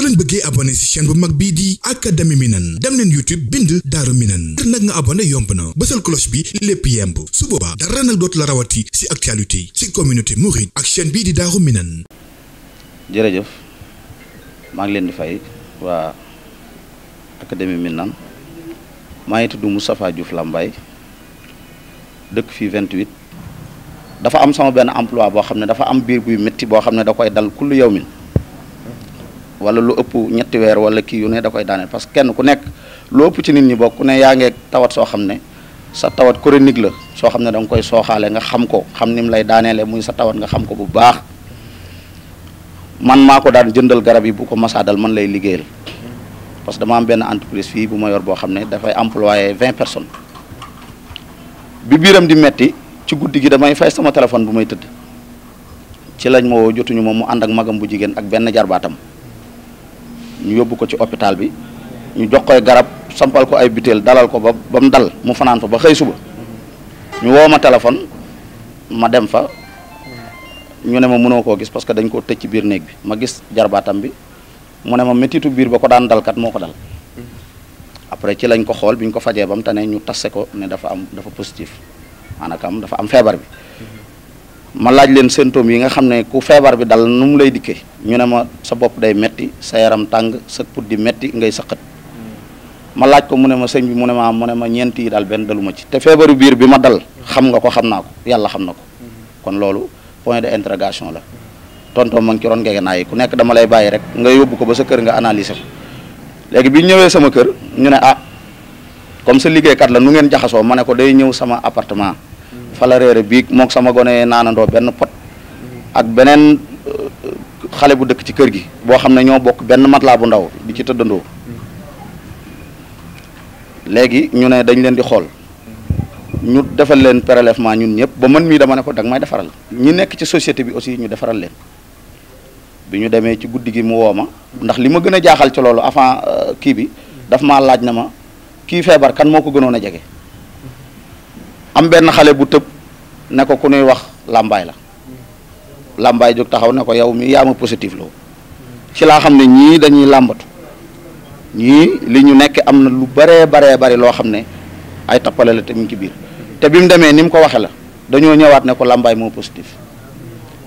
soo leen bëggee abonné ci chaîne bu mag bii di académie Minane dem leen YouTube bind Daaru Minane ngir nag nga abonné yomb na bësal cloche bi lépp yemb su boobaa dara nag dootu la rawati ci actualité ci communauté mouride ak chaîne bii di Daaru Minane jërëjëf maa ngi leen di fay waa académie Minane maa ngi tudd Moustapha Diouf Lambaye dëkk fi 28 dafa am sama benn emploi boo xam ne dafa am biir buy métti boo xam ne da koy dal kullu yow min wala lu ëpp ñettiweer weer wala kii yu ne da koy daaneel parce que kenn ku nekk lu ëpp ci nit ñi bokk ku ne yaa ngeeg tawat soo xam ne sa tawat chronique la soo xam ne danga koy sooxaale nga xam ko xam ni mu lay daaneele muy sa tawat nga xam ko bu baax man maa ko daan jëndal garab yi bu ko masaadal man lay liggéeyal parce que dama am benn entreprise fii bu mayor boo xam ne dafay employé vingt personnes bi biiram di metti ci guddi gi damay fay sama téléphone bu may tëdd ci lañ ma jotuñu ma mu ànd ak magam bu jigéen ak benn jarbaatam ñu yóbbu ko ci hôpital bi ñu jox koy garab sampal ko ay butéel dalal ko ba ba mu dal mu fanaan fa ba xëy suba ñu woo ma téléphone ma dem fa ñu ne ma mënoo koo gis parce que dañ koo tëj ci biir néeg bi ma gis jarbaatam bi mu ne ma métitu biir ba ko daan dalkat moo ko dal après ci lañ ko xool bi ko fajee ba mu tane ñu tase ko ne dafa am dafa positif maanaam dafa am feebar bi ma laaj leen symptômes yi nga xam ne ku feebar bi dal nu mu lay dikkee ñu ne ma sa bopp day metti sa yaram tàng sa put di metti ngay saqat ma laaj ko mu ne ma sëñ bi mu ne ma mu ne ma ñeent yi daal benn daluma ci te feebaru biir bi ma dal xam nga ko xam naa ko yàlla xam na ko kon loolu point d'interrogation la tonton ma ngi ci ron ngege yi ku nekk dama lay bàyyi rek nga yóbbu ko ba sa kër nga analyser léegi bi ñëwee sama kër ñu ne ah comme sa liggéeykat la nu ngeen jaxasoo ma ne ko day ñëw sama appartement fa la bii mook sama gone naanandoo benn pot ak beneen euh, xale bu dëkk ci kër gi boo xam ne ñoo bokk benn mat laa bu ndaw di ci tëddandoo léegi ñu ne dañ leen di xool ñu defal leen prélèvement ñun ñëpp ba mën mii dama ne ko danga may defaral ñi nekk ci société bi aussi ñu defaral leen bi ñu demee ci guddi gi mu woo ma ndax li ma gën a jaaxal ci loolu avant euh, kii bi daf maa laaj na ma kii feebar kan moo ko gënoon a jege am benn xale bu tëb ne ko ku nuy wax làmbaay la làmbaay jóg taxaw ne ko yow mi yaa ma positif loo ci laa xam ne ñii dañuy làmbatu ñii li ñu nekk am na lu baree baree bari loo xam ne ay tappale la te mu ngi te bi mu demee ni mu ko waxee la dañoo ñëwaat ne ko làmbaay moo positif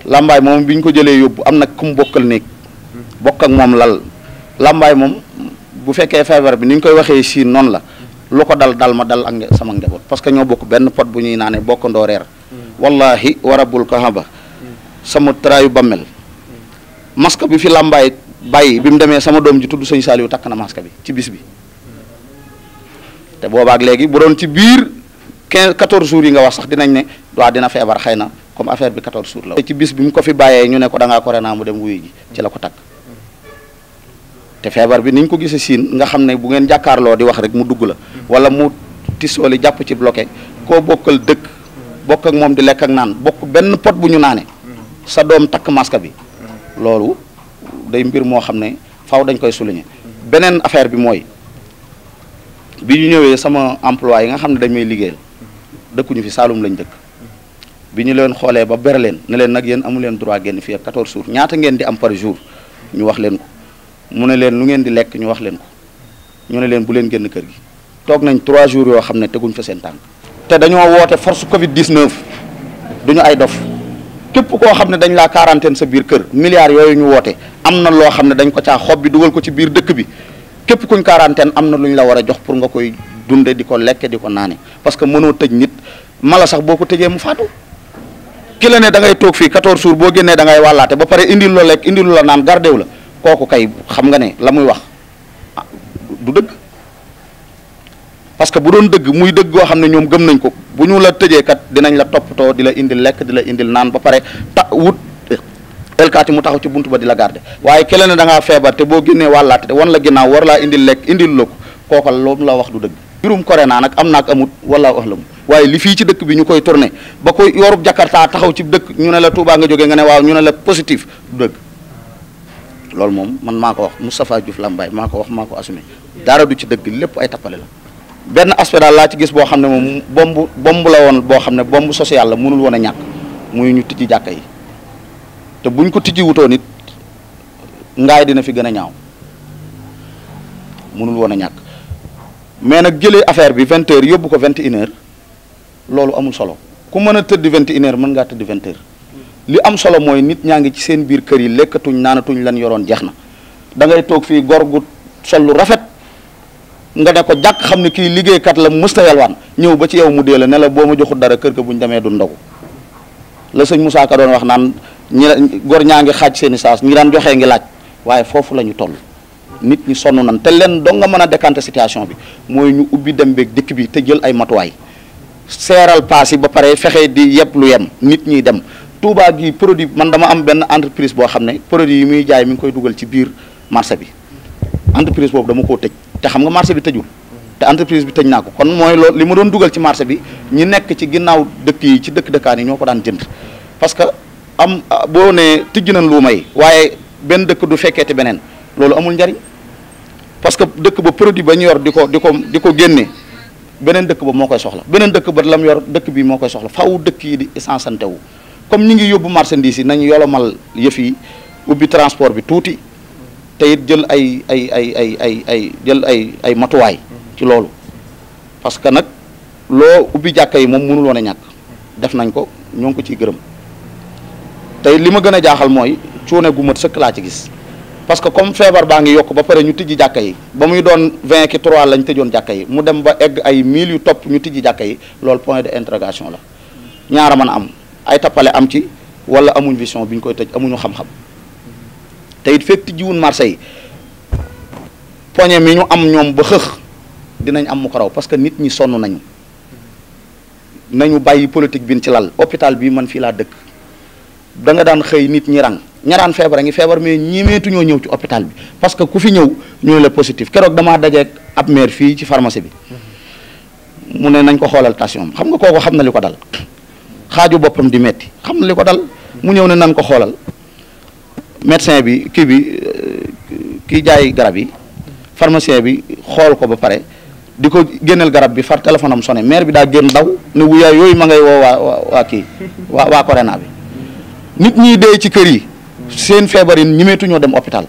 làmbaay moom biñ ko jëlee yóbbu am na ku mu bokkal néeg bokk ak moom lal làmbaay moom bu fekkee feebar bi ni ñu koy waxee siin noonu la lu ko dal dal ma dal ak sama njaboot parce que ñoo bokk benn pot bu ñuy naanee bokkandoo reer mm. wallahi ko kahaba mm. sama taraayu bammel mm. masque bi fi làmbaay bàyyi bi mu demee sama doom ji tudd sëñ Saaliw takk na masque bi ci bis bi te boobaak léegi bu doon ci biir 15 14 jours yi nga wax sax dinañ ne waa dina feebar xëy na comme affaire bi 14 jours la. ci bis bi mu ko fi bàyyee ñu ne ko da ngaa corona mu dem wuyu ji ci la ko tak te feebar bi niñ ko gisee siin nga xam ne bu ngeen jàkkaarloo di wax rek mu dugg la wala mu tisooli jàpp ci bloqué koo bokkal dëkk bokk ak moom di lekk ak naan bokk benn pot bu ñu naanee sa doom takk masque bi loolu day mbir moo xam ne faw dañ koy souligner beneen affaire bi mooy bi ñu ñëwee sama emploi yi nga xam ne dañ may liggéeyal ñu fi Saalum lañ dëkk bi ñu leen xoolee ba bere leen ne leen nag yéen amu leen droit genn fii ak 14 jours ñaata ngeen di am par jour ñu wax leen ko mu ne leen lu ngeen di lekk ñu wax leen ko ñu ne leen bu leen génn kër gi toog nañ trois jours yoo xam ne teguñ fa seen tànk te dañoo woote force Covid du ñu ay dof képp koo xam ne dañ laa quarantaine sa biir kër milliards yooyu ñu woote am na loo xam ne dañ ko caa xob bi dugal ko ci biir dëkk bi képp kuñ quarantaine am na lu ñu la war a jox pour nga koy dunde di ko lekke di ko naane parce que mënoo tëj nit mala sax boo ko tegee mu faatu ki la ne da ngay toog fii 14 jours boo génnee da ngay wàllaate ba pare indil la lekk indil la naan gardew la. kooku kay xam nga ne la muy wax ah, du dëgg parce que bu doon dëgg muy dëgg goo xam ne ñoom gëm nañ ko bu ñu la tëjee kat dinañ la too di la indil lekk di la indil naan ba pare ta wut eh, elkaati mu taxaw ci buntu ba di la garder waaye kele ne da ngaa feebar te boo génnee wàllaate te wan la ginnaaw war laa indil lekk indil la ko kooka loolu la wax du dëgg. kore corona nag am naag amut wala wax la waaye li fii ci dëkk bi ñu koy tourné ba koy yorub Jakarta taxaw ci dëkk ñu ne la Touba nga jógee nga ne waaw ñu ne la positif du loolu moom man maa ko wax Moustapha Diouf Lambaye maa ko wax maa ko assumé dara du ci dëgg lépp ay tappale la benn aspect daal laa ci gis boo xam ne moom bomb bomb la woon boo xam ne bomb social la mënul woon a ñàkk muy ñu tijji jàkka yi te buñ ko tijji wutoon it ngaay dina fi gën a ñaaw mënul woon a ñàkk mais nag jëlee affaire bi vingt heures yóbbu ko vingt et loolu amul solo ku mën a tëdd vingt et une mën ngaa tëdd vingt heures li am solo mooy nit ñaa ngi ci seen biir kër yi lekkatuñ naanatuñ lan yoroon jeex na da ngay toog fii gor gu sol lu rafet nga ne ko jàkk xam ne kii liggéeykat la mës na yalwaan ñëw ba ci yow mu dee la ne la boo ma joxut dara kër ga bu ñu demee du ndogu la sëñ Moussa Ka doon wax naan ñi gor ñaa ngi xaaj seen i saas ñi daan joxee ngi laaj waaye foofu la ñu toll nit ñi sonn nan te leen doo nga mën a décanter situation bi mooy ñu ubbi dem beeg dikk bi te jël ay matuwaay seeral paas yi ba pare fexe di yeb lu yem nit ñiy dem Touba gi produit man dama am benn entreprise boo xam ne produit yi muy jaay mi ngi koy dugal ci biir marché bi entreprise boobu dama koo tëj te xam nga marché bi tëjul te entreprise bi tëj naa ko kon mooy loolu li ma doon dugal ci marché bi ñi nekk ci ginnaaw dëkk yi ci dëkk dëkkaan yi ñoo ko daan jënd parce que am boo ne tijji nañ lu may waaye benn dëkk du fekkeeti beneen loolu amul njariñ parce que dëkk ba produit ba ñu yor di ko di ko di ko génne beneen dëkk ba moo koy soxla beneen dëkk ba lam yor dëkk bi moo koy soxla faaw dëkk yi di essence wu comme ñu ngi yóbbu marchandise yi nañu yolomal yëf ubbi transport bi tuuti te it jël ay ay ay ay ay ay jël ay ay matuwaay ci loolu parce que nag loo ubbi jàkka yi moom mënul woon a ñàkk def nañ ko ñoo ngi ko ciy gërëm tey li ma gën a jaaxal mooy cuune gu mat sëkk laa ci gis parce que comme feebar baa ngi yokk ba pare ñu tijji jàkka yi ba muy doon vingt ki trois lañ tëjoon jàkka yi mu dem ba egg ay mille yu topp ñu tijji jàkka yi lool point de interrogation la ñaara mën a am ay tappale am ci wala amuñ vision bi ñu koy tëj amuñu xam-xam te it fekk tijjiwun marché yi poñe mi ñu am ñoom ba xëx dinañ am mu ko raw parce que nit ñi sonn nañu nañu bàyyi politique bin ci lal hôpital bi man fii laa dëkk da daan xëy nit ñi rang ñaraan feebar a ngi feebar mais ñimeetu ñoo ñëw ci hôpital bi parce que ku fi ñëw ñooy la positif keroog damaa dajeek ab maire fii ci pharmacie bi mmh. mu ne nañ ko xoolal tension xam nga kooku xam na li ko dal xaaju boppam di metti xam na li ko dal mu ñëw ne nan ko xoolal médecin bi kii bi euh, kii jaay garab yi pharmacien bi xool ko ba pare di ko génneel garab bi far téléphone am sonné maire bi daa génn daw ne wuyaa yooyu ma ngay woo waa waa kii waa waa corona bi nit ñi dee ci kër yi seen feebar yi ñimeetu ñoo dem hôpital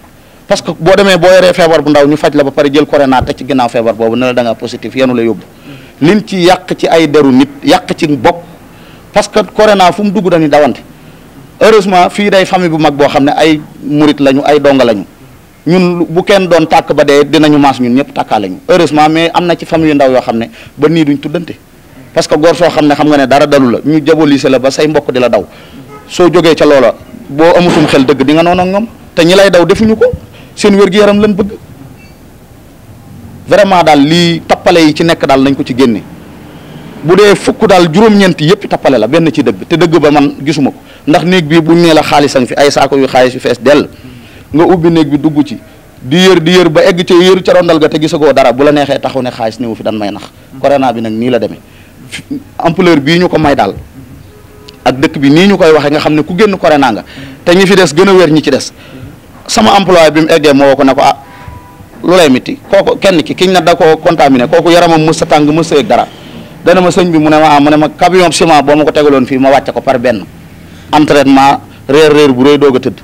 parce que boo demee boo yoree feebar bu ndaw ñu faj la ba pare jël ko corona te ci ginnaaw feebar boobu ne la da nga positif yenu la yóbbu liñ ci yàq ci ay deru nit yàq ci bopp parce que corona fu mu dugg dañuy dawante heureusement fii day famille bu mag boo xam ne ay murit lañu ay donga lañu ñun bu kenn doon tàkk ba dee dinañu maas ñun ñëpp tàkkaa lañu heureusement mais am na ci famille ndaw yoo xam ne ba nii duñ tuddante parce que góor soo xam ne xam nga ne dara dalu la ñu jabolise la ba say mbokk di la daw soo jógee ca loola boo amutum xel dëgg di nga noonu ak moom te ñi lay daw defuñu ko seen wér-gu-yaram lañ bëgg vraiment daal lii tappale yi ci nekk daal nañ ko ci génne bu dee fukk daal juróom-ñeent yëpp tappale la benn ci dëgg te dëgg ba man gisuma ko ndax néeg bi bu nee la xaalisang fi ay saako yu xaalis yu fees dell nga ubbi néeg bi dugg ci di yër di yër ba egg ci yëru carondal ga te gisagoo dara bu la neexee taxaw ne xaalis néewu fi dan may nax corona bi nag nii la demee ampleur bii ñu ko may daal ak dëkk bi nii ñu koy waxee nga xam ne ku génn corona nga te ñi fi des gën a wér ñi ci des sama emploi bi mu eggee moo ko ne ko ah lu lay miti kooku kenn ki kiñ na da ko contaminé kooku yaramam mës sa tàng mës sa dara dana ma sëñ bi mu ne ma ah mu ne ma camion ciment boo ma ko tegaloon fii ma wàcce ko par benn entraînement réer réer bu rëy doog a tëdd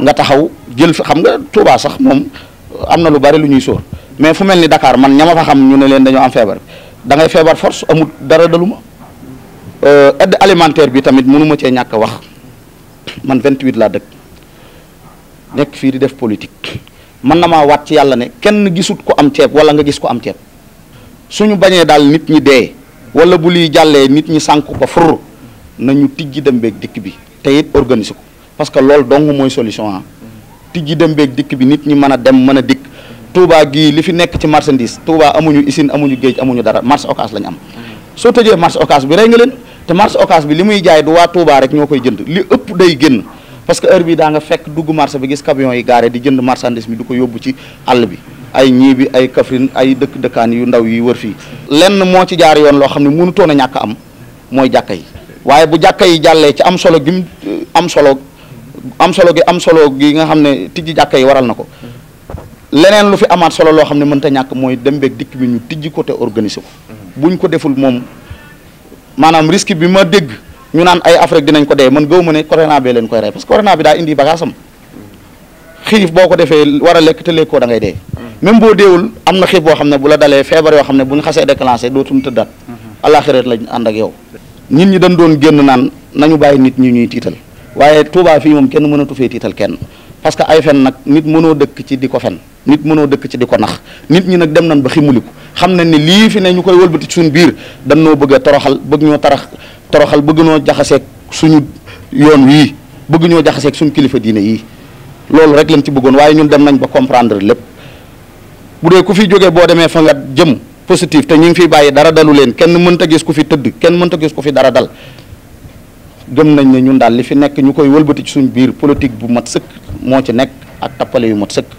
nga taxaw jël fi xam nga Touba sax moom euh, am na lu bari lu ñuy sóor mais fu mel ni dakaar man ñama ma fa xam ñu ne leen dañoo am feebar da ngay feebar force amul dara daluma euh, aide alimentaire bi tamit mënu cee ñàkk wax man 28 laa dëkk nekk fii di def politique mën na maa waat ci yàlla ne kenn gisut ko am ceeb wala nga gis ko am ceeb. suñu bañee daal nit ñi dee wala bu liy jàllee nit ñi sànq ko fur nañu tijji dem beeg dikk bi te it organiser ko parce que loolu dong mooy solution ah tijji dem beeg dikk bi nit ñi mën a dem mën a dikk Touba gii li fi nekk ci marchandise Touba amuñu usine amuñu géej amuñu dara marché occas lañu am soo tëjee marché occas bi rey nga leen te marché occas bi li muy jaay du waa Touba rek ñoo koy jënd li ëpp day génn parce que heure bi daa nga fekk dugg marché bi gis camion yi gaare di jënd marchandise mi di ko yóbbu ci àll bi ay ñii bi ay Kaffrine ay dëkk dëkkaan yu ndaw yi wër fii lenn moo ci jaar yoon loo xam ne mënutoon a ñàkk am mooy jàkka yi waaye bu jàkka yi jàllee ci am solo gi am solo am solo gi am solo gi nga xam ne tijji jàkka yi waral na ko leneen lu fi amaat solo loo xam ne mënta ñàkk mooy dem beeg dikk bi ñu tijji ko te organiser ko mhm. buñ ko deful moom maanaam risque bi ma dégg ñu naan ay Afrique dinañ ko dee man gëw ma ne corona bee leen koy rey parce que corona bi daa indi bagage xiif boo ko defee war a lekk te lekkoo da dee. même boo deewul am na xiif boo xam ne bu la dalee feebar yoo xam ne bu ñu xasee déclenché dootum tëddaat. Mhm. àllaaxira lañ ànd ak yow. nit ñi dañ doon génn naan nañu bàyyi nit ñi ñuy tiital waaye Touba fii moom kenn mënatu fee tiital kenn parce que ay fen nag nit mënoo dëkk ci di ko fen nit mënoo dëkk ci di ko nax nit ñi nag dem nañ ba ximuliku xam nañ ne lii fi ne ñu koy wëlbati suñu biir dañ noo bëgg a toroxal bëgg ñoo tarax toroxal bëgg noo jaxaseeg suñu yoon wii bëgg ñoo jaxaseeg suñu kilifa diine yii loolu rek lañ ci bëggoon waaye ñun dem nañ ba comprendre lépp bu dee ku fi jógee boo demee fa nga jëm positif te ñu ngi fiy bàyyi dara dalu leen kenn mënta gis ku fi tëdd kenn mënta gis ku fi dara dal gëm nañ ne ñun daal li fi nekk ñu koy wëlbati ci suñu biir politique bu mat sëkk moo ci nekk ak tappale yu mat sëkk